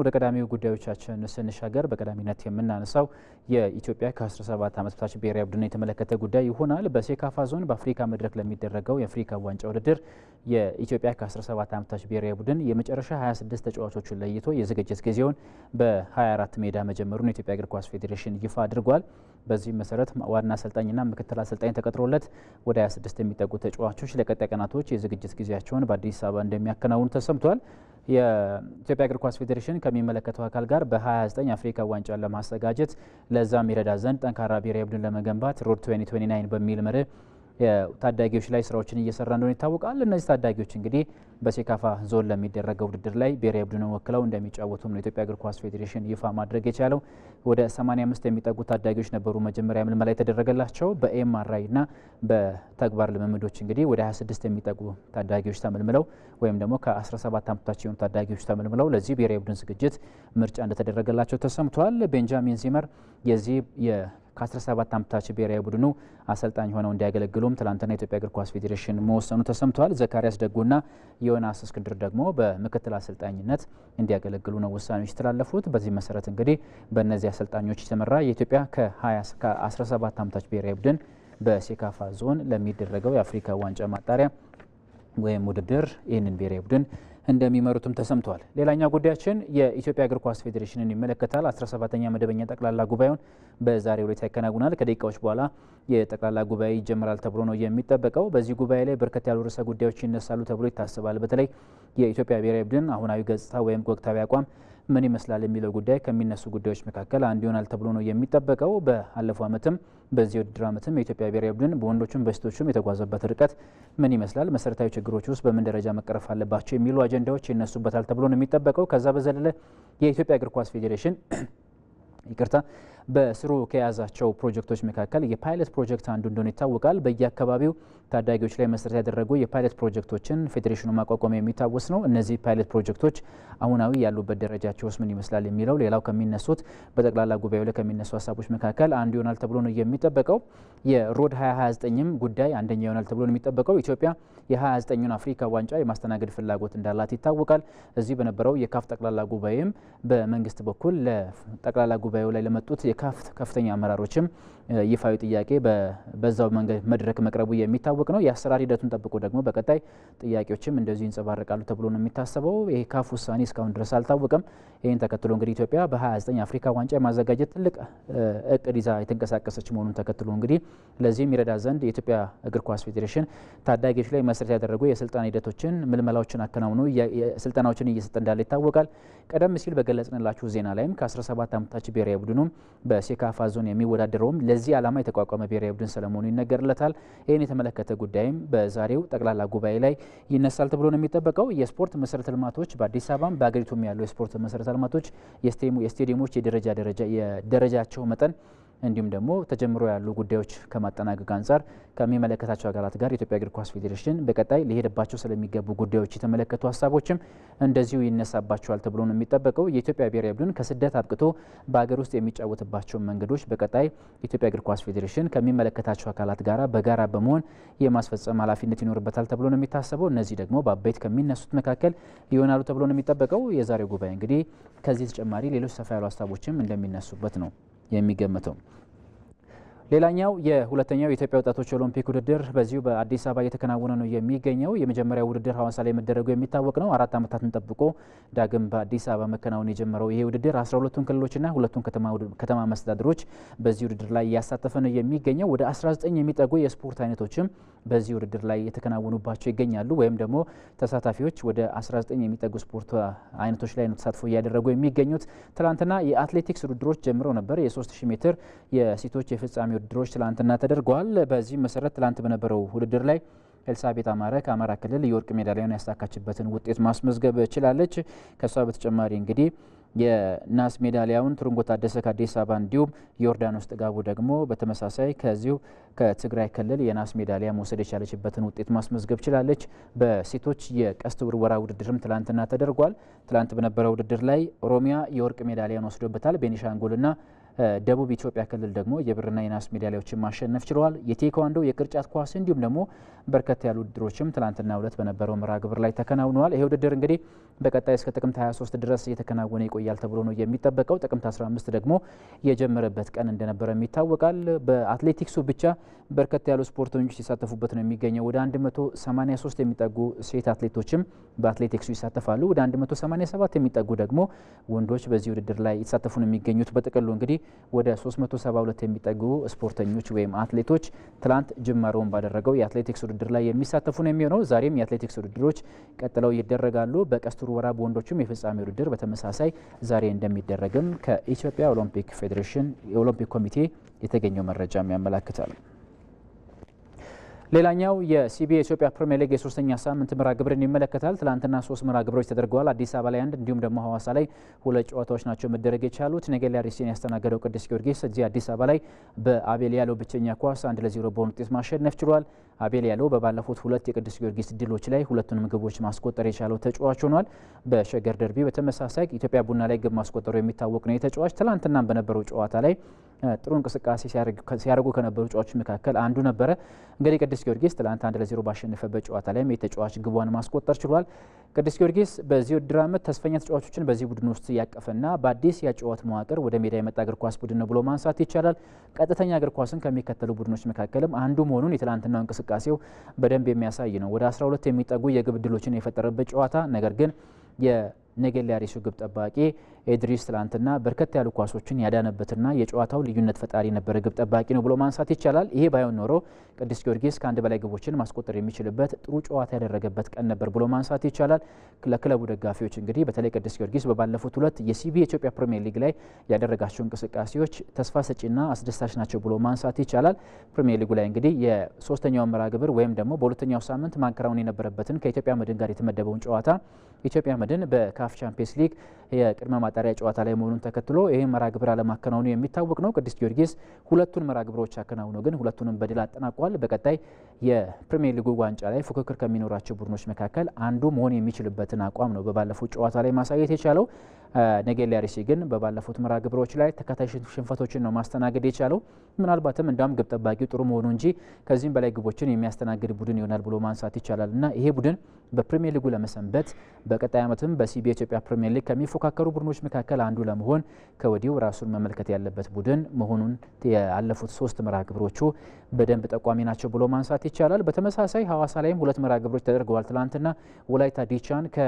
ወደ ቀዳሚው ጉዳዮቻችን ስንሻገር በቀዳሚነት የምናነሳው የኢትዮጵያ ከ17 ዓመት በታች ብሔራዊ ቡድን የተመለከተ ጉዳይ ይሆናል። በሴካፋ ዞን በአፍሪካ መድረክ ለሚደረገው የአፍሪካ ዋንጫ ውድድር የኢትዮጵያ ከ17 ዓመት በታች ብሔራዊ ቡድን የመጨረሻ 26 ተጫዋቾችን ለይቶ የዝግጅት ጊዜውን በ24 ሜዳ መጀመሩን የኢትዮጵያ እግር ኳስ ፌዴሬሽን ይፋ አድርጓል። በዚህም መሰረት ዋና አሰልጣኝና ምክትል አሰልጣኝ ተቀጥሮለት ወደ 26 የሚጠጉ ተጫዋቾች ለቀጣይ ቀናቶች የዝግጅት ጊዜያቸውን በአዲስ አበባ እንደሚያከናውኑ ተሰምቷል። የኢትዮጵያ እግር ኳስ ፌዴሬሽን ከሚመለከተው አካል ጋር በ29 አፍሪካ ዋንጫን ለማዘጋጀት ለዛም ይረዳ ዘንድ ጠንካራ ብሔራዊ ቡድን ለመገንባት ሮድ 2029 በሚል መርህ ታዳጊዎች ላይ ስራዎችን እየሰራ እንደሆነ ይታወቃል። እነዚህ ታዳጊዎች እንግዲህ በሴካፋ ዞን ለሚደረገው ውድድር ላይ ብሔራዊ ቡድን ወክለው እንደሚጫወቱም ነው ኢትዮጵያ እግር ኳስ ፌዴሬሽን ይፋ ማድረግ የቻለው። ወደ 85 የሚጠጉ ታዳጊዎች ነበሩ መጀመሪያ ምልመላ የተደረገላቸው። በኤምአርአይ እና በተግባር ልምምዶች እንግዲህ ወደ 26 የሚጠጉ ታዳጊዎች ተመልምለው ወይም ደግሞ ከ17 ዓመታች የሆኑ ታዳጊዎች ተመልምለው ለዚህ ብሔራዊ ቡድን ዝግጅት ምርጫ እንደተደረገላቸው ተሰምቷል። ቤንጃሚን ዚመር የዚህ ከ17 ዓመታቸው ብሔራዊ ቡድኑ አሰልጣኝ ሆነው እንዲያገለግሉም ትላንትና የኢትዮጵያ እግር ኳስ ፌዴሬሽን መወሰኑ ተሰምቷል። ዘካሪያስ ደጉና ዮናስ እስክንድር ደግሞ በምክትል አሰልጣኝነት እንዲያገለግሉ ነው ውሳኔዎች የተላለፉት። በዚህ መሰረት እንግዲህ በእነዚህ አሰልጣኞች የተመራ የኢትዮጵያ ከ17 ዓመታች ብሔራዊ ቡድን በሴካፋ ዞን ለሚደረገው የአፍሪካ ዋንጫ ማጣሪያ ወይም ውድድር ይህንን ብሔራዊ ቡድን እንደሚመሩትም ተሰምተዋል። ሌላኛው ጉዳያችን የኢትዮጵያ እግር ኳስ ፌዴሬሽንን ይመለከታል። 17ኛ መደበኛ ጠቅላላ ጉባኤውን በዛሬው ዕለት ያከናውናል። ከደቂቃዎች በኋላ የጠቅላላ ጉባኤ ይጀምራል ተብሎ ነው የሚጠበቀው። በዚህ ጉባኤ ላይ በርከት ያሉ ርዕሰ ጉዳዮች ይነሳሉ ተብሎ ይታሰባል። በተለይ የኢትዮጵያ ብሔራዊ ቡድን አሁናዊ ገጽታ ወይም ወቅታዊ አቋም ምን ይመስላል የሚለው ጉዳይ ከሚነሱ ጉዳዮች መካከል አንዱ ይሆናል ተብሎ ነው የሚጠበቀው። በአለፈው ዓመትም በዚህ ውድድር ዓመትም የኢትዮጵያ ብሔራዊ ቡድን በወንዶቹም በሴቶቹም የተጓዘበት ርቀት ምን ይመስላል፣ መሰረታዊ ችግሮች ውስጥ በምን ደረጃ መቀረፍ አለባቸው የሚሉ አጀንዳዎች ይነሱበታል ተብሎ ነው የሚጠበቀው። ከዛ በዘለለ የኢትዮጵያ እግር ኳስ ፌዴሬሽን ይቅርታ በስሩ ከያዛቸው ፕሮጀክቶች መካከል የፓይለት ፕሮጀክት አንዱ እንደሆነ ይታወቃል። በየአካባቢው ታዳጊዎች ላይ መሰረት ያደረጉ የፓይለት ፕሮጀክቶችን ፌዴሬሽኑ ማቋቋም የሚታወስ ነው። እነዚህ ፓይለት ፕሮጀክቶች አሁናዊ ያሉበት ደረጃቸው ውስጥ ምን ይመስላል የሚለው ሌላው ከሚነሱት በጠቅላላ ጉባኤው ላይ ከሚነሱ ሀሳቦች መካከል አንዱ ይሆናል ተብሎ ነው የሚጠበቀው። የሮድ 2029ም ጉዳይ አንደኛ ይሆናል ተብሎ ነው የሚጠበቀው። ኢትዮጵያ የ29ን አፍሪካ ዋንጫ የማስተናገድ ፍላጎት እንዳላት ይታወቃል። እዚህ በነበረው የካፍ ጠቅላላ ጉባኤም በመንግስት በኩል ለጠቅላላ ጉባኤ ጉባኤው ላይ ለመጡት የካፍት ከፍተኛ አመራሮችም ይፋዊ ጥያቄ በዛው መንገድ መድረክ መቅረቡ የሚታወቅ ነው። የአሰራር ሂደቱን ጠብቆ ደግሞ በቀጣይ ጥያቄዎችም እንደዚሁ ይንጸባረቃሉ ተብሎ ነው የሚታሰበው። ይሄ ካፍ ውሳኔ እስካሁን ድረስ አልታወቀም። ይህን ተከትሎ እንግዲህ ኢትዮጵያ በ29 አፍሪካ ዋንጫ የማዘጋጀት ትልቅ እቅድ ይዛ የተንቀሳቀሰች መሆኑን ተከትሎ እንግዲህ ለዚህም ይረዳ ዘንድ የኢትዮጵያ እግር ኳስ ፌዴሬሽን ታዳጊዎች ላይ መሰረት ያደረጉ የስልጠና ሂደቶችን፣ ምልመላዎችን አከናውኖ ስልጠናዎችን እየሰጠ እንዳለ ይታወቃል። ቀደም ሲል በገለጽንላችሁ ዜና ላይም ከ17 ዓመታች ብሔራዊ ቡድኑም በሴካፋ ዞን የሚወዳደረውም ለዚህ ዓላማ የተቋቋመ ብሔራዊ ቡድን ስለመሆኑ ይነገርለታል። ይህን የተመለከተ ጉዳይም በዛሬው ጠቅላላ ጉባኤ ላይ ይነሳል ተብሎ ነው የሚጠበቀው። የስፖርት መሰረተ ልማቶች በአዲስ አበባም በአገሪቱም ያሉ የስፖርት መሰረተ ልማቶች የስቴዲየሞች የደረጃ የደረጃቸው መጠን እንዲሁም ደግሞ ተጀምሮ ያሉ ጉዳዮች ከማጠናቀቅ አንጻር ከሚመለከታቸው አካላት ጋር የኢትዮጵያ እግር ኳስ ፌዴሬሽን በቀጣይ ሊሄድባቸው ስለሚገቡ ጉዳዮች የተመለከቱ ሀሳቦችም እንደዚሁ ይነሳባቸዋል ተብሎ ነው የሚጠበቀው። የኢትዮጵያ ብሔራዊ ቡድን ከስደት አብቅቶ በሀገር ውስጥ የሚጫወትባቸውን መንገዶች በቀጣይ የኢትዮጵያ እግር ኳስ ፌዴሬሽን ከሚመለከታቸው አካላት ጋር በጋራ በመሆን የማስፈጸም ኃላፊነት ይኖርበታል ተብሎ ነው የሚታሰበው። እነዚህ ደግሞ በአበይት ከሚነሱት መካከል ይሆናሉ ተብሎ ነው የሚጠበቀው። የዛሬው ጉባኤ እንግዲህ ከዚህ ተጨማሪ ሌሎች ሰፋ ያሉ ሀሳቦችም እንደሚነሱበት ነው የሚገመተው ሌላኛው የሁለተኛው የኢትዮጵያ ወጣቶች ኦሎምፒክ ውድድር በዚሁ በአዲስ አበባ እየተከናወነ ነው የሚገኘው። የመጀመሪያ ውድድር ሐዋሳ ላይ መደረጉ የሚታወቅ ነው። አራት ዓመታትን ጠብቆ ዳግም በአዲስ አበባ መከናወን የጀመረው ይሄ ውድድር 12ቱን ክልሎችና ሁለቱን ከተማ መስተዳድሮች በዚህ ውድድር ላይ እያሳተፈ ነው የሚገኘው። ወደ 19 የሚጠጉ የስፖርት አይነቶችም በዚህ ውድድር ላይ የተከናወኑባቸው ይገኛሉ። ወይም ደግሞ ተሳታፊዎች ወደ 19 የሚጠጉ ስፖርት አይነቶች ላይ ነው ተሳትፎ እያደረጉ የሚገኙት። ትናንትና የአትሌቲክስ ውድድሮች ጀምረው ነበር። የ3000 ሜትር የሴቶች የፍጻሜ ውድድሮች ትላንትና ተደርገዋል። በዚህ መሰረት ትላንት በነበረው ውድድር ላይ ኤልሳቤት አማረ ከአማራ ክልል የወርቅ ሜዳሊያን ያሳካችበትን ውጤት ማስመዝገብ ችላለች። ከእሷ በተጨማሪ እንግዲህ የናስ ሜዳሊያውን ትሩንጎ ታደሰ ከአዲስ አበባ እንዲሁም ዮርዳኖስ ጥጋቡ ደግሞ በተመሳሳይ ከዚሁ ከትግራይ ክልል የናስ ሜዳሊያ መውሰድ የቻለችበትን ውጤት ማስመዝገብ ችላለች። በሴቶች የቀስት ውርወራ ውድድርም ትላንትና ተደርጓል። ትላንት በነበረው ውድድር ላይ ኦሮሚያ የወርቅ ሜዳሊያን ወስዶበታል። ቤኒሻንጉልና ደቡብ ኢትዮጵያ ክልል ደግሞ የብርና የናስ ሜዳሊያዎችን ማሸነፍ ችለዋል። የቴኳንዶ፣ የቅርጫት ኳስ እንዲሁም ደግሞ በርከት ያሉ ውድድሮችም ትላንትና ሁለት በነበረው መርሃ ግብር ላይ ተከናውነዋል። ይሄ ውድድር እንግዲህ በቀጣይ እስከ ጥቅምት 23 ድረስ እየተከናወነ ይቆያል ተብሎ ነው የሚጠበቀው። ጥቅምት 15 ደግሞ የጀመረበት ቀን እንደነበረም ይታወቃል። በአትሌቲክሱ ብቻ በርከት ያሉ ስፖርተኞች ሲሳተፉበት ነው የሚገኘው። ወደ 183 የሚጠጉ ሴት አትሌቶችም በአትሌቲክሱ ይሳተፋሉ። ወደ 187 የሚጠጉ ደግሞ ወንዶች በዚህ ውድድር ላይ ይሳተፉ ነው የሚገኙት። በጥቅሉ እንግዲህ ወደ 372 የሚጠጉ ስፖርተኞች ወይም አትሌቶች ትላንት ጅማሬውን ባደረገው የአትሌቲክስ ውድድር ላይ የሚሳተፉ ነው የሚሆነው። ዛሬም የአትሌቲክስ ውድድሮች ቀጥለው ይደረጋሉ። በቀስቱር ወራብ በወንዶችም የፍጻሜ ውድድር በተመሳሳይ ዛሬ እንደሚደረግም ከኢትዮጵያ ኦሎምፒክ ፌዴሬሽን የኦሎምፒክ ኮሚቴ የተገኘው መረጃም ያመላክታል። ሌላኛው የሲቢኤ ኢትዮጵያ ፕሪሚየር ሊግ የሶስተኛ ሳምንት ምራ ግብርን ይመለከታል። ትላንትና ሶስት ምራ ግብሮች ተደርገዋል። አዲስ አበባ ላይ አንድ እንዲሁም ደግሞ ሀዋሳ ላይ ሁለት ጨዋታዎች ናቸው መደረግ የቻሉት። ነገ አርሲን ያስተናገደው ቅዱስ ጊዮርጊስ እዚህ አዲስ አበባ ላይ በአቤል ያለው ብቸኛ ኳስ አንድ ለዜሮ በሆነ ውጤት ማሸነፍ ችሏል። አቤል ያለው በባለፉት ሁለት የቅዱስ ጊዮርጊስ ድሎች ላይ ሁለቱንም ግቦች ማስቆጠር የቻለው ተጫዋች ሆኗል። በሸገር ደርቢ በተመሳሳይ ኢትዮጵያ ቡና ላይ ግብ ማስቆጠሩ የሚታወቅ ነው። የተጫዋች ትላንትናም በነበረው ጨዋታ ላይ ጥሩ እንቅስቃሴ ሲያደርጉ ከነበሩ ተጫዋቾች መካከል አንዱ ነበረ። እንግዲህ ቅዱስ ጊዮርጊስ ትላንት አንድ ለዜሮ ባሸነፈበት ጨዋታ ላይም የተጫዋች ግቧን ማስቆጠር ችሏል። ቅዱስ ጊዮርጊስ በዚህ ውድድር ዓመት ተስፈኛ ተጫዋቾችን በዚህ ቡድን ውስጥ እያቀፈና በአዲስ የጨዋት መዋቅር ወደ ሜዳ የመጣ እግር ኳስ ቡድን ነው ብሎ ማንሳት ይቻላል። ቀጥተኛ እግር ኳስን ከሚከተሉ ቡድኖች መካከልም አንዱ መሆኑን የትላንትናው እንቅስቃሴው በደንብ የሚያሳይ ነው። ወደ 12 የሚጠጉ የግብ ድሎችን የፈጠረበት ጨዋታ ነገር ግን ነገሌ ግብ ጠባቂ ኤድሪስ ትላንትና በርከት ያሉ ኳሶችን ያዳነበትና የጨዋታው ልዩነት ፈጣሪ የነበረ ግብ ጠባቂ ነው ብሎ ማንሳት ይቻላል። ይሄ ባይሆን ኖሮ ቅዱስ ጊዮርጊስ ከአንድ በላይ ግቦችን ማስቆጠር የሚችልበት ጥሩ ጨዋታ ያደረገበት ቀን ነበር ብሎ ማንሳት ይቻላል። ለክለቡ ደጋፊዎች እንግዲህ በተለይ ቅዱስ ጊዮርጊስ በባለፉት ሁለት የሲቢ የኢትዮጵያ ፕሪሚየር ሊግ ላይ ያደረጋቸው እንቅስቃሴዎች ተስፋ ሰጪና አስደሳች ናቸው ብሎ ማንሳት ይቻላል። ፕሪሚየር ሊጉ ላይ እንግዲህ የሶስተኛው መርሃ ግብር ወይም ደግሞ በሁለተኛው ሳምንት ማከናወን የነበረበትን ከኢትዮጵያ መድን ጋር የተመደበውን ጨዋታ ኢትዮጵያ መድን በካ ካፍ ቻምፒየንስ ሊግ የቅድመ ማጣሪያ ጨዋታ ላይ መሆኑን ተከትሎ ይህም መርሃ ግብር አለማከናወኑ የሚታወቅ ነው። ቅዱስ ጊዮርጊስ ሁለቱን መርሃ ግብሮች አከናውኖ ግን ሁለቱንም በድል አጠናቋል። በቀጣይ የፕሪሚየር ሊጉ ዋንጫ ላይ ፉክክር ከሚኖራቸው ቡድኖች መካከል አንዱ መሆን የሚችልበትን አቋም ነው በባለፉት ጨዋታ ላይ ማሳየት የቻለው። ነጌሌ አርሲ ግን በባለፉት መርሃ ግብሮች ላይ ተከታይ ሽንፈቶችን ነው ማስተናገድ የቻለው። ምናልባትም እንዳውም ግብ ጠባቂው ጥሩ መሆኑ እንጂ ከዚህም በላይ ግቦችን የሚያስተናግድ ቡድን ይሆናል ብሎ ማንሳት ይቻላል እና ይሄ ቡድን በፕሪሚየር ሊጉ ለመሰንበት በቀጣይ ዓመትም በሲቢ የኢትዮጵያ ፕሪምየር ሊግ ከሚፎካከሩ ቡድኖች መካከል አንዱ ለመሆን ከወዲሁ ራሱን መመልከት ያለበት ቡድን መሆኑን ያለፉት ሶስት መርሃ ግብሮቹ በደንብ ጠቋሚ ናቸው ብሎ ማንሳት ይቻላል። በተመሳሳይ ሐዋሳ ላይም ሁለት መርሃ ግብሮች ተደርገዋል። ትላንትና ወላይታ ዲቻን ከ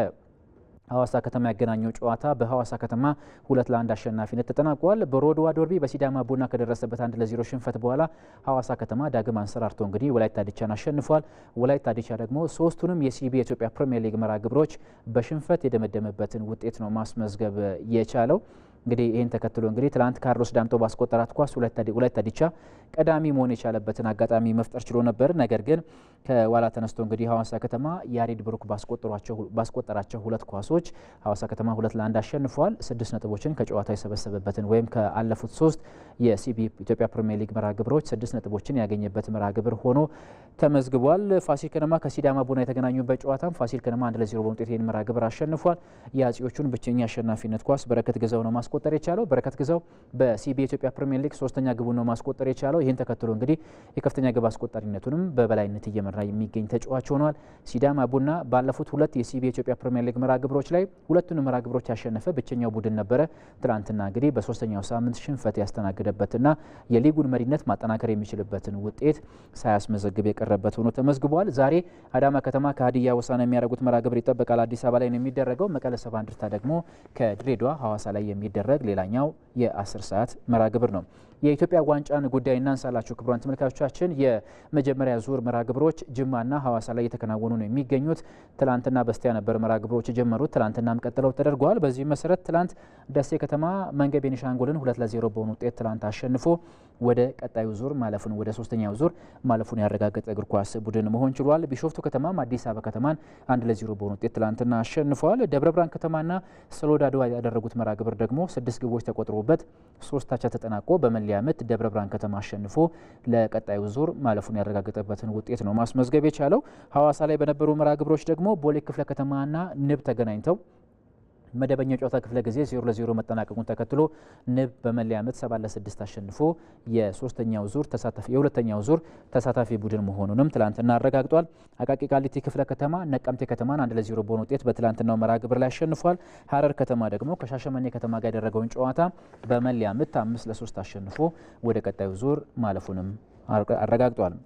ሐዋሳ ከተማ ያገናኘው ጨዋታ በሐዋሳ ከተማ ሁለት ለአንድ አሸናፊነት ተጠናቋል። በሮድዋ ዶርቢ በሲዳማ ቡና ከደረሰበት አንድ ለዜሮ ሽንፈት በኋላ ሐዋሳ ከተማ ዳግም አንሰራርቶ እንግዲህ ወላይታ ዲቻን አሸንፏል። ወላይታ ዲቻ ደግሞ ሶስቱንም የሲቢ የኢትዮጵያ ፕሪምየር ሊግ መራ ግብሮች በሽንፈት የደመደመበትን ውጤት ነው ማስመዝገብ የቻለው። እንግዲህ ይህን ተከትሎ እንግዲህ ትላንት ካርሎስ ዳምጦ ባስቆጠራት ኳስ ሁለት አዲቻ ቀዳሚ መሆን የቻለበትን አጋጣሚ መፍጠር ችሎ ነበር። ነገር ግን ከኋላ ተነስቶ እንግዲህ ሀዋሳ ከተማ ያሬድ ብሩክ ባስቆጠራቸው ሁለት ኳሶች ሀዋሳ ከተማ ሁለት ለአንድ አሸንፏል። ስድስት ነጥቦችን ከጨዋታ የሰበሰበበትን ወይም ከአለፉት ሶስት የሲቢ ኢትዮጵያ ፕሪሚየር ሊግ መርሃ ግብሮች ስድስት ነጥቦችን ያገኘበት መርሃ ግብር ሆኖ ተመዝግቧል። ፋሲል ከነማ ከሲዳማ ቡና የተገናኙበት ጨዋታም ፋሲል ከነማ አንድ ለዜሮ በውጤት ይህን መርሃ ግብር አሸንፏል። የአጼዎቹን ብቸኛ አሸናፊነት ኳስ በረከት ገዛው ነው ማስቆ ማስቆጠር የቻለው በረከት ግዛው በሲቢ ኢትዮጵያ ፕሪሚየር ሊግ ሶስተኛ ግቡ ነው ማስቆጠር የቻለው። ይህን ተከትሎ እንግዲህ የከፍተኛ ግብ አስቆጣሪነቱንም በበላይነት እየመራ የሚገኝ ተጫዋች ሆኗል። ሲዳማ ቡና ባለፉት ሁለት የሲቢ ኢትዮጵያ ፕሪሚየር ሊግ መራ ግብሮች ላይ ሁለቱን መራ ግብሮች ያሸነፈ ብቸኛው ቡድን ነበረ። ትናንትና እንግዲህ በሶስተኛው ሳምንት ሽንፈት ያስተናገደበትና የሊጉን መሪነት ማጠናከር የሚችልበትን ውጤት ሳያስመዘግብ የቀረበት ሆኖ ተመዝግቧል። ዛሬ አዳማ ከተማ ከሀዲያ ወሳና የሚያደርጉት መራ ግብር ይጠበቃል። አዲስ አበባ ላይ ነው የሚደረገው። መቀለ ሰባ እንደርታ ደግሞ ከድሬዳዋ ሀዋሳ ላይ የሚደረ የሚደረግ ሌላኛው የ10 ሰዓት መራግብር ነው። የኢትዮጵያ ዋንጫን ጉዳይ እናንሳላችሁ። ክቡራን ተመልካቾቻችን የመጀመሪያ ዙር መርሃ ግብሮች ጅማና ሀዋሳ ላይ እየተከናወኑ ነው የሚገኙት። ትላንትና በስቲያ ነበር መርሃ ግብሮች የጀመሩት፣ ትላንትናም ቀጥለው ተደርገዋል። በዚህ መሰረት ትላንት ደሴ ከተማ መንገ ቤኒሻንጉልን ሁለት ለዜሮ በሆኑ ውጤት ትላንት አሸንፎ ወደ ቀጣዩ ዙር ማለፉን ወደ ሶስተኛው ዙር ማለፉን ያረጋገጠ እግር ኳስ ቡድን መሆን ችሏል። ቢሾፍቱ ከተማም አዲስ አበባ ከተማን አንድ ለዜሮ በሆኑ ውጤት ትላንትና አሸንፈዋል። ደብረ ብርሃን ከተማና ሰሎዳ ያደረጉት መርሃ ግብር ደግሞ ስድስት ግቦች ተቆጥሮበት ሶስታቻ ተጠናቆ በመ ሊያመት ደብረ ብርሃን ከተማ አሸንፎ ለቀጣዩ ዙር ማለፉን ያረጋገጠበትን ውጤት ነው ማስመዝገብ የቻለው። ሐዋሳ ላይ በነበሩ መርሃ ግብሮች ደግሞ ቦሌ ክፍለ ከተማና ንብ ተገናኝተው መደበኛ ጨዋታ ክፍለ ጊዜ 0 ለ0 መጠናቀቁን ተከትሎ ንብ በመለያ ምት 7 ለ6 አሸንፎ የሶስተኛው ዙር ተሳታፊ የሁለተኛው ዙር ተሳታፊ ቡድን መሆኑንም ትላንትና አረጋግጧል። አቃቂ ቃሊቲ ክፍለ ከተማ ነቀምቴ ከተማን 1 ለ0 በሆነ ውጤት በትላንትናው መርሃ ግብር ላይ አሸንፏል። ሀረር ከተማ ደግሞ ከሻሸመኔ ከተማ ጋር ያደረገውን ጨዋታ በመለያ ምት 5 ለ3 አሸንፎ ወደ ቀጣዩ ዙር ማለፉንም አረጋግጧል።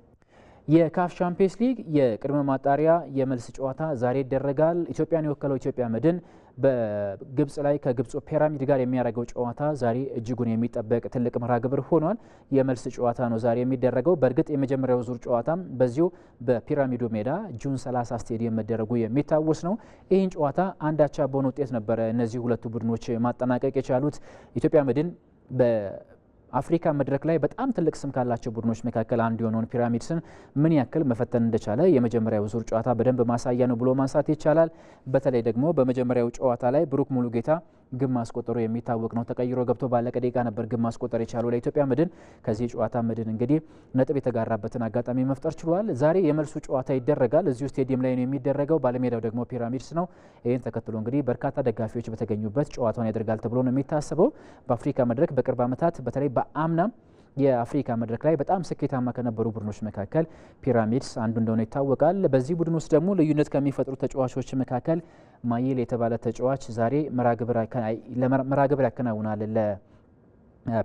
የካፍ ቻምፒየንስ ሊግ የቅድመ ማጣሪያ የመልስ ጨዋታ ዛሬ ይደረጋል። ኢትዮጵያን የወከለው ኢትዮጵያ መድን በግብጽ ላይ ከግብፁ ፒራሚድ ጋር የሚያደርገው ጨዋታ ዛሬ እጅጉን የሚጠበቅ ትልቅ መርሃ ግብር ሆኗል። የመልስ ጨዋታ ነው ዛሬ የሚደረገው። በእርግጥ የመጀመሪያው ዙር ጨዋታም በዚሁ በፒራሚዱ ሜዳ ጁን 30 ስቴዲየም መደረጉ የሚታወስ ነው። ይህን ጨዋታ አንድ አቻ በሆነ ውጤት ነበረ እነዚህ ሁለቱ ቡድኖች ማጠናቀቅ የቻሉት ኢትዮጵያ መድን አፍሪካ መድረክ ላይ በጣም ትልቅ ስም ካላቸው ቡድኖች መካከል አንዱ የሆነውን ፒራሚድስን ምን ያክል መፈተን እንደቻለ የመጀመሪያው ዙር ጨዋታ በደንብ ማሳያ ነው ብሎ ማንሳት ይቻላል። በተለይ ደግሞ በመጀመሪያው ጨዋታ ላይ ብሩክ ሙሉጌታ ግብ ማስቆጠሩ የሚታወቅ ነው። ተቀይሮ ገብቶ ባለቀ ደቂቃ ነበር ግብ ማስቆጠር የቻለው ለኢትዮጵያ መድን። ከዚህ ጨዋታ መድን እንግዲህ ነጥብ የተጋራበትን አጋጣሚ መፍጠር ችሏል። ዛሬ የመልሱ ጨዋታ ይደረጋል። እዚሁ ስቴዲየም ላይ ነው የሚደረገው። ባለሜዳው ደግሞ ፒራሚድስ ነው። ይህን ተከትሎ እንግዲህ በርካታ ደጋፊዎች በተገኙበት ጨዋታውን ያደርጋል ተብሎ ነው የሚታሰበው። በአፍሪካ መድረክ በቅርብ ዓመታት በተለይ በአምናም የአፍሪካ መድረክ ላይ በጣም ስኬታማ ከነበሩ ቡድኖች መካከል ፒራሚድስ አንዱ እንደሆነ ይታወቃል። በዚህ ቡድን ውስጥ ደግሞ ልዩነት ከሚፈጥሩ ተጫዋቾች መካከል ማይል የተባለ ተጫዋች ዛሬ መርሃ ግብር ያከናውናል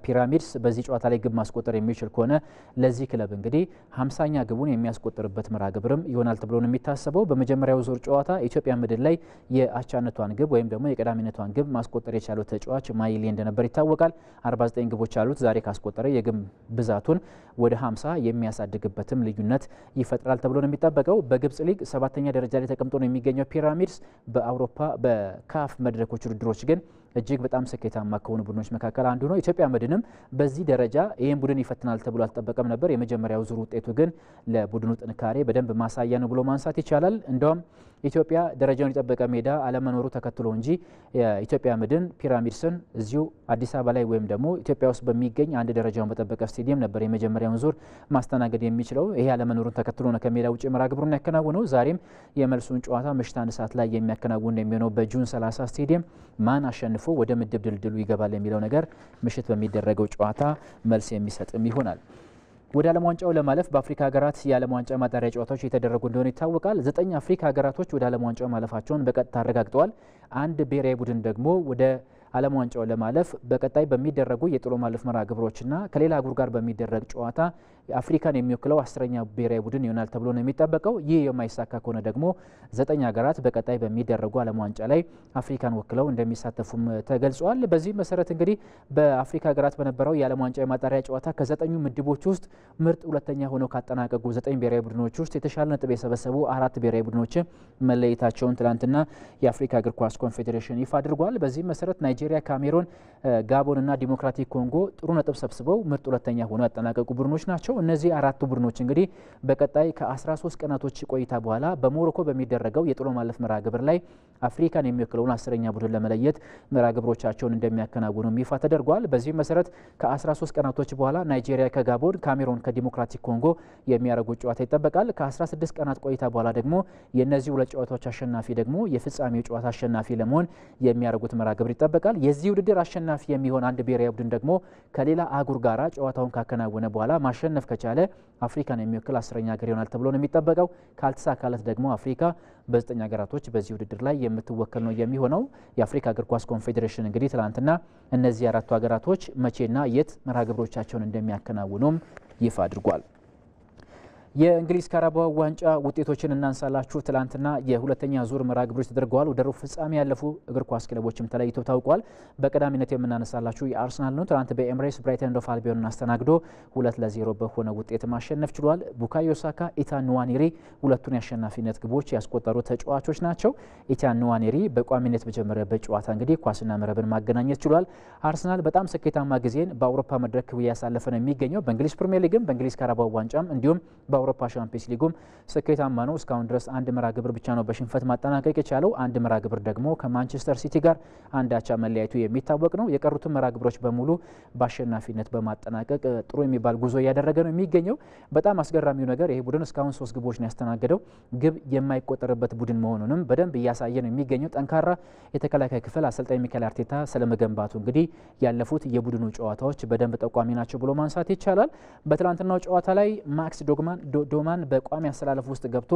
ፒራሚድስ በዚህ ጨዋታ ላይ ግብ ማስቆጠር የሚችል ከሆነ ለዚህ ክለብ እንግዲህ ሀምሳኛ ግቡን የሚያስቆጥርበት መርሃ ግብርም ይሆናል ተብሎ ነው የሚታሰበው። በመጀመሪያው ዙር ጨዋታ ኢትዮጵያ ምድር ላይ የአቻነቷን ግብ ወይም ደግሞ የቀዳሚነቷን ግብ ማስቆጠር የቻለው ተጫዋች ማይሌ እንደነበር ይታወቃል። 49 ግቦች አሉት። ዛሬ ካስቆጠረ የግብ ብዛቱን ወደ 50 የሚያሳድግበትም ልዩነት ይፈጥራል ተብሎ ነው የሚጠበቀው። በግብጽ ሊግ ሰባተኛ ደረጃ ላይ ተቀምጦ ነው የሚገኘው ፒራሚድስ በአውሮፓ በካፍ መድረኮች ውድድሮች ግን እጅግ በጣም ስኬታማ ከሆኑ ቡድኖች መካከል አንዱ ነው። ኢትዮጵያ መድንም በዚህ ደረጃ ይህን ቡድን ይፈትናል ተብሎ አልጠበቀም ነበር። የመጀመሪያው ዙር ውጤቱ ግን ለቡድኑ ጥንካሬ በደንብ ማሳያ ነው ብሎ ማንሳት ይቻላል። እንደውም ኢትዮጵያ ደረጃውን የጠበቀ ሜዳ አለመኖሩ ተከትሎ እንጂ የኢትዮጵያ መድን ፒራሚድስን እዚሁ አዲስ አበባ ላይ ወይም ደግሞ ኢትዮጵያ ውስጥ በሚገኝ አንድ ደረጃውን በጠበቀ ስቴዲየም ነበር የመጀመሪያውን ዙር ማስተናገድ የሚችለው። ይሄ አለመኖሩን ተከትሎ ነው ከሜዳ ውጭ መርሃ ግብሩን ያከናውነው። ዛሬም የመልሱን ጨዋታ ምሽት አንድ ሰዓት ላይ የሚያከናውን የሚሆነው በጁን 30 ስቴዲየም ማን አሸንፎ አልፎ ወደ ምድብ ድልድሉ ይገባል የሚለው ነገር ምሽት በሚደረገው ጨዋታ መልስ የሚሰጥም ይሆናል። ወደ ዓለም ዋንጫው ለማለፍ በአፍሪካ ሀገራት የዓለም ዋንጫ ማጣሪያ ጨዋታዎች የተደረጉ እንደሆነ ይታወቃል። ዘጠኝ አፍሪካ ሀገራቶች ወደ ዓለም ዋንጫው ማለፋቸውን በቀጥታ አረጋግጠዋል። አንድ ብሔራዊ ቡድን ደግሞ ወደ ዓለም ዋንጫው ለማለፍ በቀጣይ በሚደረጉ የጥሎ ማለፍ መርሃ ግብሮችና ከሌላ አህጉር ጋር በሚደረግ ጨዋታ አፍሪካን የሚወክለው አስረኛ ብሔራዊ ቡድን ይሆናል ተብሎ ነው የሚጠበቀው። ይህ የማይሳካ ከሆነ ደግሞ ዘጠኝ ሀገራት በቀጣይ በሚደረጉ ዓለም ዋንጫ ላይ አፍሪካን ወክለው እንደሚሳተፉም ተገልጿል። በዚህ መሰረት እንግዲህ በአፍሪካ ሀገራት በነበረው የዓለም ዋንጫ የማጣሪያ ጨዋታ ከዘጠኙ ምድቦች ውስጥ ምርጥ ሁለተኛ ሆነው ካጠናቀቁ ዘጠኝ ብሔራዊ ቡድኖች ውስጥ የተሻለ ነጥብ የሰበሰቡ አራት ብሔራዊ ቡድኖች መለየታቸውን ትላንትና የአፍሪካ እግር ኳስ ኮንፌዴሬሽን ይፋ አድርጓል። በዚህ መሰረት ናይጄሪያ፣ ካሜሮን፣ ጋቦንና ዲሞክራቲክ ኮንጎ ጥሩ ነጥብ ሰብስበው ምርጥ ሁለተኛ ሆነው ያጠናቀቁ ቡድኖች ናቸው። ናቸው። እነዚህ አራቱ ቡድኖች እንግዲህ በቀጣይ ከ13 ቀናቶች ቆይታ በኋላ በሞሮኮ በሚደረገው የጥሎ ማለፍ መርሃ ግብር ላይ አፍሪካን የሚወክለውን አስረኛ ቡድን ለመለየት መርሃ ግብሮቻቸውን እንደሚያከናውኑ ይፋ ተደርጓል። በዚህ መሰረት ከ13 ቀናቶች በኋላ ናይጄሪያ ከጋቦን፣ ካሜሮን ከዲሞክራቲክ ኮንጎ የሚያደርጉት ጨዋታ ይጠበቃል። ከ16 ቀናት ቆይታ በኋላ ደግሞ የእነዚህ ሁለት ጨዋታዎች አሸናፊ ደግሞ የፍጻሜው ጨዋታ አሸናፊ ለመሆን የሚያደርጉት መርሃ ግብር ይጠበቃል። የዚህ ውድድር አሸናፊ የሚሆን አንድ ብሔራዊ ቡድን ደግሞ ከሌላ አህጉር ጋራ ጨዋታውን ካከናወነ በኋላ ማሸነፍ ማሸነፍ ከቻለ አፍሪካን የሚወክል አስረኛ ሀገር ይሆናል ተብሎ ነው የሚጠበቀው። ካልተሳካለት ደግሞ አፍሪካ በዘጠኝ ሀገራቶች በዚህ ውድድር ላይ የምትወከል ነው የሚሆነው። የአፍሪካ እግር ኳስ ኮንፌዴሬሽን እንግዲህ ትላንትና እነዚህ አራቱ ሀገራቶች መቼና የት መርሃ ግብሮቻቸውን እንደሚያከናውኑም ይፋ አድርጓል። የእንግሊዝ ካራባ ዋንጫ ውጤቶችን እናንሳላችሁ። ትላንትና የሁለተኛ ዙር መርሃ ግብሮች ተደርገዋል። ወደ ሩብ ፍጻሜ ያለፉ እግር ኳስ ክለቦችም ተለይቶ ታውቋል። በቀዳሚነት የምናነሳላችሁ የአርሰናል ነው። ትላንት በኤምሬስ ብራይተን ኤንድ ሆቭ አልቢዮንን አስተናግዶ ሁለት ለዜሮ በሆነ ውጤት ማሸነፍ ችሏል። ቡካዮ ሳካ፣ ኢታን ንዋኔሪ ሁለቱን የአሸናፊነት ግቦች ያስቆጠሩ ተጫዋቾች ናቸው። ኢታን ንዋኔሪ በቋሚነት በጀመረበት ጨዋታ እንግዲህ ኳስና መረብን ማገናኘት ችሏል። አርሰናል በጣም ስኬታማ ጊዜን በአውሮፓ መድረክ እያሳለፈ ነው የሚገኘው በእንግሊዝ ፕሪሚየር ሊግም በእንግሊዝ ካራባ ዋንጫም እንዲሁም በአውሮፓ ሻምፒየንስ ሊጉም ስኬታማ ነው። እስካሁን ድረስ አንድ ምራ ግብር ብቻ ነው በሽንፈት ማጠናቀቅ የቻለው። አንድ ምራ ግብር ደግሞ ከማንቸስተር ሲቲ ጋር አንድ አቻ መለያየቱ የሚታወቅ ነው። የቀሩትን ምራ ግብሮች በሙሉ በአሸናፊነት በማጠናቀቅ ጥሩ የሚባል ጉዞ እያደረገ ነው የሚገኘው። በጣም አስገራሚው ነገር ይሄ ቡድን እስካሁን ሶስት ግቦች ነው ያስተናገደው። ግብ የማይቆጠርበት ቡድን መሆኑንም በደንብ እያሳየ ነው የሚገኘው። ጠንካራ የተከላካይ ክፍል አሰልጣኝ ሚካኤል አርቴታ ስለመገንባቱ እንግዲህ ያለፉት የቡድኑ ጨዋታዎች በደንብ ጠቋሚ ናቸው ብሎ ማንሳት ይቻላል። በትናንትናው ጨዋታ ላይ ማክስ ዶግማን ዶማን በቋሚ አሰላለፍ ውስጥ ገብቶ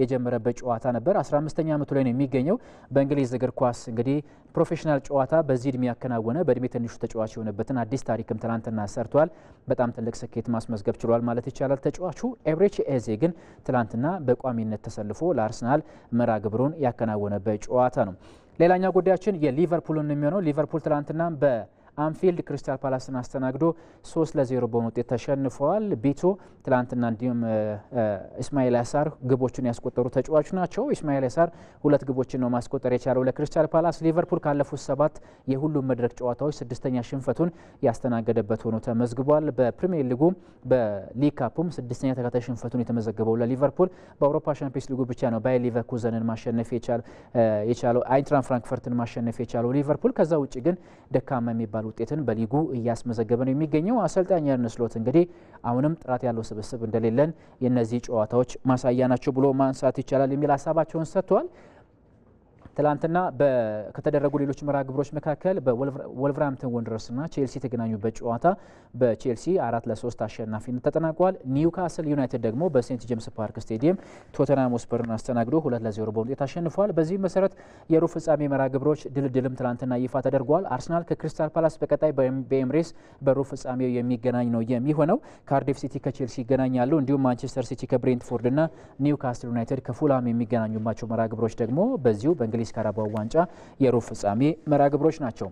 የጀመረበት ጨዋታ ነበር። 15ኛ ዓመቱ ላይ ነው የሚገኘው። በእንግሊዝ እግር ኳስ እንግዲህ ፕሮፌሽናል ጨዋታ በዚህ እድሜ ያከናወነ በእድሜ ትንሹ ተጫዋች የሆነበትን አዲስ ታሪክም ትላንትና ሰርቷል። በጣም ትልቅ ስኬት ማስመዝገብ ችሏል ማለት ይቻላል። ተጫዋቹ ኤብሬቺ ኤዜ ግን ትላንትና በቋሚነት ተሰልፎ ለአርሰናል መራ ግብሩን ያከናወነበት ጨዋታ ነው። ሌላኛው ጉዳያችን የሊቨርፑልን የሚሆነው ሊቨርፑል ትላንትና በ አንፊልድ ክሪስታል ፓላስን አስተናግዶ ሶስት ለዜሮ በሆነ ውጤት ተሸንፈዋል። ቢቶ ትላንትና እንዲሁም ኢስማኤል ያሳር ግቦችን ያስቆጠሩ ተጫዋች ናቸው። እስማኤል ያሳር ሁለት ግቦችን ነው ማስቆጠር የቻለው ለክሪስታል ፓላስ። ሊቨርፑል ካለፉት ሰባት የሁሉም መድረክ ጨዋታዎች ስድስተኛ ሽንፈቱን ያስተናገደበት ሆኖ ተመዝግቧል። በፕሪሚየር ሊጉ በሊግ ካፑም ስድስተኛ ተከታይ ሽንፈቱን የተመዘገበው ለሊቨርፑል በአውሮፓ ሻምፒዮንስ ሊጉ ብቻ ነው ባየር ሊቨርኩዘንን ማሸነፍ የቻለው አይንትራን ፍራንክፈርትን ማሸነፍ የቻለው ሊቨርፑል ከዛ ውጭ ግን ደካማ የሚባል የሚባል ውጤትን በሊጉ እያስመዘገበ ነው የሚገኘው። አሰልጣኝ የርን ስሎት እንግዲህ አሁንም ጥራት ያለው ስብስብ እንደሌለን የእነዚህ ጨዋታዎች ማሳያ ናቸው ብሎ ማንሳት ይቻላል የሚል ሀሳባቸውን ሰጥተዋል። ትላንትና ከተደረጉ ሌሎች መርሃ ግብሮች መካከል በወልቨራምፕተን ወንድረስና ቼልሲ የተገናኙበት ጨዋታ በቼልሲ አራት ለሶስት አሸናፊነት ተጠናቋል። ኒውካስል ዩናይትድ ደግሞ በሴንት ጄምስ ፓርክ ስቴዲየም ቶተናም ሆስፐርን አስተናግዶ ሁለት ለዜሮ በሆነ ውጤት አሸንፏል። በዚህም መሰረት የሩብ ፍጻሜ መርሃ ግብሮች ድልድልም ትላንትና ይፋ ተደርጓል። አርሰናል ከክሪስታል ፓላስ በቀጣይ በኤምሬስ በሩብ ፍጻሜው የሚገናኝ ነው የሚሆነው። ካርዲፍ ሲቲ ከቼልሲ ይገናኛሉ። እንዲሁም ማንቸስተር ሲቲ ከብሬንትፎርድና ኒውካስል ዩናይትድ ከፉላም የሚገናኙባቸው መርሃ ግብሮች ደግሞ በዚሁ በእንግሊዝ የእንግሊዝ ካራባው ዋንጫ የሩብ ፍጻሜ መርሃ ግብሮች ናቸው።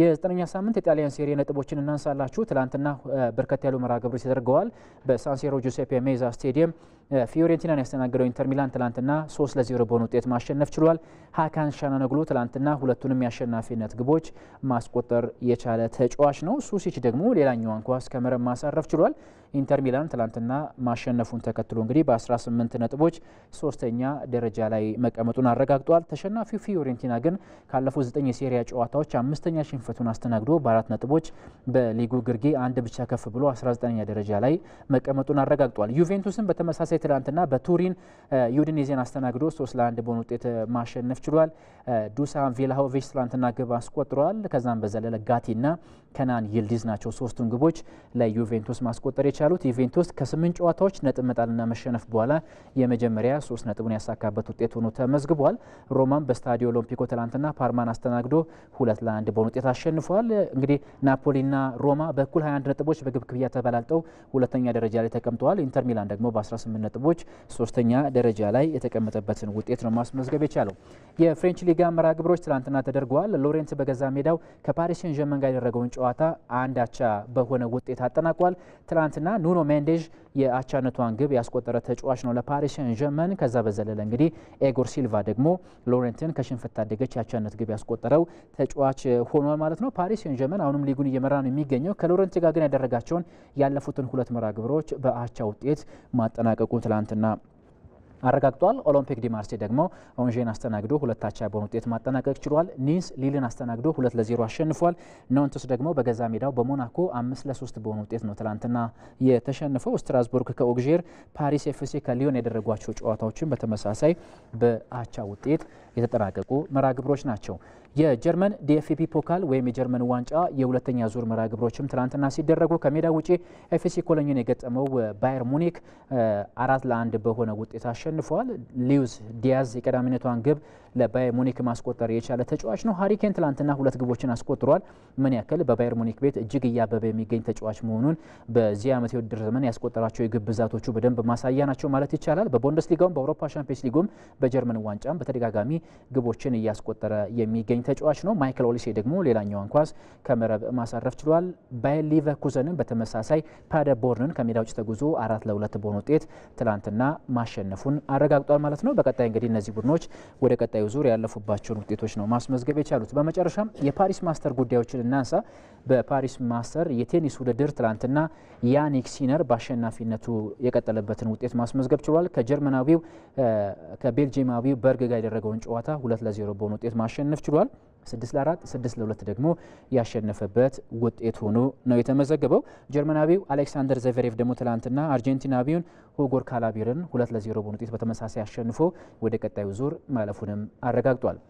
የዘጠነኛ ሳምንት የጣሊያን ሴሪ ነጥቦችን እናንሳላችሁ። ትላንትና በርከት ያሉ መርሃ ግብሮች ተደርገዋል። በሳንሴሮ ጁሴፔ ሜዛ ስቴዲየም ፊዮሬንቲናን ያስተናገደው ኢንተር ሚላን ትላንትና ሶስት ለዜሮ በሆነ ውጤት ማሸነፍ ችሏል። ሀካን ሻናነግሎ ትላንትና ሁለቱንም የአሸናፊነት ግቦች ማስቆጠር የቻለ ተጫዋች ነው። ሱሲች ደግሞ ሌላኛዋን ኳስ ከመረብ ማሳረፍ ችሏል። ኢንተር ሚላን ትላንትና ማሸነፉን ተከትሎ እንግዲህ በ18 ነጥቦች ሶስተኛ ደረጃ ላይ መቀመጡን አረጋግጧል። ተሸናፊው ፊዮሬንቲና ግን ካለፉት ዘጠኝ የሴሪያ ጨዋታዎች አምስተኛ ሽንፈቱን አስተናግዶ በአራት ነጥቦች በሊጉ ግርጌ አንድ ብቻ ከፍ ብሎ 19ኛ ደረጃ ላይ መቀመጡን አረጋግጧል። ዩቬንቱስን በተመሳሳይ ማርሴይ ትናንትና በቱሪን ዩዲኔዜን አስተናግዶ ሶስት ለአንድ በሆነ ውጤት ማሸነፍ ችሏል። ዱሳን ቬላሆቪች ትናንትና ግብ አስቆጥረዋል። ከዛም በዘለለ ጋቲና ከናን ይልዲዝ ናቸው ሶስቱን ግቦች ለዩቬንቱስ ማስቆጠር የቻሉት። ዩቬንቱስ ከስምንት ጨዋታዎች ነጥብ መጣልና መሸነፍ በኋላ የመጀመሪያ ሶስት ነጥቡን ያሳካበት ውጤት ሆኖ ተመዝግቧል። ሮማም በስታዲዮ ኦሎምፒኮ ትናንትና ፓርማን አስተናግዶ ሁለት ለአንድ በሆነ ውጤት አሸንፏል። እንግዲህ ናፖሊና ሮማ በእኩል 21 ነጥቦች በግብ ክብያ ተበላልጠው ሁለተኛ ደረጃ ላይ ተቀምጠዋል። ኢንተር ሚላን ደግሞ በ18 ነጥቦች ሶስተኛ ደረጃ ላይ የተቀመጠበትን ውጤት ነው ማስመዝገብ የቻለው። የፍሬንች ሊጋ መርሃ ግብሮች ትናንትና ተደርገዋል። ሎሬንት በገዛ ሜዳው ከፓሪስ ሴን ዠርመን ጋር ያደረገውን ጨዋታ አንድ አቻ በሆነ ውጤት አጠናቋል። ትናንትና ኑኖ ሜንዴዥ የአቻነቷን ግብ ያስቆጠረ ተጫዋች ነው ለፓሪስ ሴን ዠርመን። ከዛ በዘለለ እንግዲህ ኤጎር ሲልቫ ደግሞ ሎሬንትን ከሽንፈት ታደገች የአቻነት ግብ ያስቆጠረው ተጫዋች ሆኗል ማለት ነው። ፓሪስ ሴን ዠርመን አሁንም ሊጉን እየመራ ነው የሚገኘው። ከሎሬንት ጋር ግን ያደረጋቸውን ያለፉትን ሁለት መርሃ ግብሮች በአቻ ውጤት ማጠናቀቁ ማጠናቀቁ ትላንትና አረጋግጧል። ኦሎምፒክ ዲ ማርሴ ደግሞ ኦንዥን አስተናግዶ ሁለት አቻ በሆነ ውጤት ማጠናቀቅ ችሏል። ኒንስ ሊልን አስተናግዶ ሁለት ለዜሮ አሸንፏል። ኖንትስ ደግሞ በገዛ ሜዳው በሞናኮ አምስት ለሶስት በሆነ ውጤት ነው ትላንትና የተሸንፈው። ስትራስቡርግ ከኦግዤር፣ ፓሪስ ኤፍሲ ከሊዮን ያደረጓቸው ጨዋታዎችን በተመሳሳይ በአቻ ውጤት የተጠናቀቁ መርሃ ግብሮች ናቸው። የጀርመን ዲኤፍቢ ፖካል ወይም የጀርመን ዋንጫ የሁለተኛ ዙር መርሃ ግብሮችም ትናንትና ሲደረጉ ከሜዳ ውጪ ኤፍሲ ኮሎኝን የገጠመው ባየር ሙኒክ አራት ለአንድ በሆነ ውጤት አሸንፏል። ሊዩስ ዲያዝ የቀዳሚነቷን ግብ ለባየር ሙኒክ ማስቆጠር የቻለ ተጫዋች ነው። ሀሪኬን ትላንትና ሁለት ግቦችን አስቆጥሯል። ምን ያክል በባየር ሙኒክ ቤት እጅግ እያበበ የሚገኝ ተጫዋች መሆኑን በዚህ ዓመት የውድድር ዘመን ያስቆጠራቸው የግብ ብዛቶቹ በደንብ ማሳያ ናቸው ማለት ይቻላል። በቡንደስ ሊጋውም በአውሮፓ ሻምፒዮንስ ሊጉም በጀርመን ዋንጫም በተደጋጋሚ ግቦችን እያስቆጠረ የሚገኝ ተጫዋች ነው። ማይክል ኦሊሴ ደግሞ ሌላኛውን ኳስ ከመረብ ማሳረፍ ችሏል። ባየር ሊቨርኩዘንን በተመሳሳይ ፓደርቦርንን ከሜዳ ውጭ ተጉዞ አራት ለሁለት በሆነ ውጤት ትላንትና ማሸነፉን አረጋግጧል ማለት ነው። በቀጣይ እንግዲህ እነዚህ ቡድኖች ወደ ቀጣዩ በቀጣዩ ዙር ያለፉባቸውን ውጤቶች ነው ማስመዝገብ የቻሉት። በመጨረሻም የፓሪስ ማስተር ጉዳዮችን እናንሳ። በፓሪስ ማስተር የቴኒስ ውድድር ትላንትና ያኒክ ሲነር በአሸናፊነቱ የቀጠለበትን ውጤት ማስመዝገብ ችሏል። ከጀርመናዊው ከቤልጅየማዊው በርግ ጋር ያደረገውን ጨዋታ ሁለት ለዜሮ በሆነ ውጤት ማሸነፍ ችሏል። ስድስት ለአራት ስድስት ለሁለት ደግሞ ያሸነፈበት ውጤት ሆኖ ነው የተመዘገበው። ጀርመናዊው አሌክሳንደር ዘቬሬቭ ደግሞ ትላንትና አርጀንቲናዊውን ሆጎር ካላቢርን ሁለት ለዜሮ በሆነ ውጤት በተመሳሳይ አሸንፎ ወደ ቀጣዩ ዙር ማለፉንም አረጋግጧል።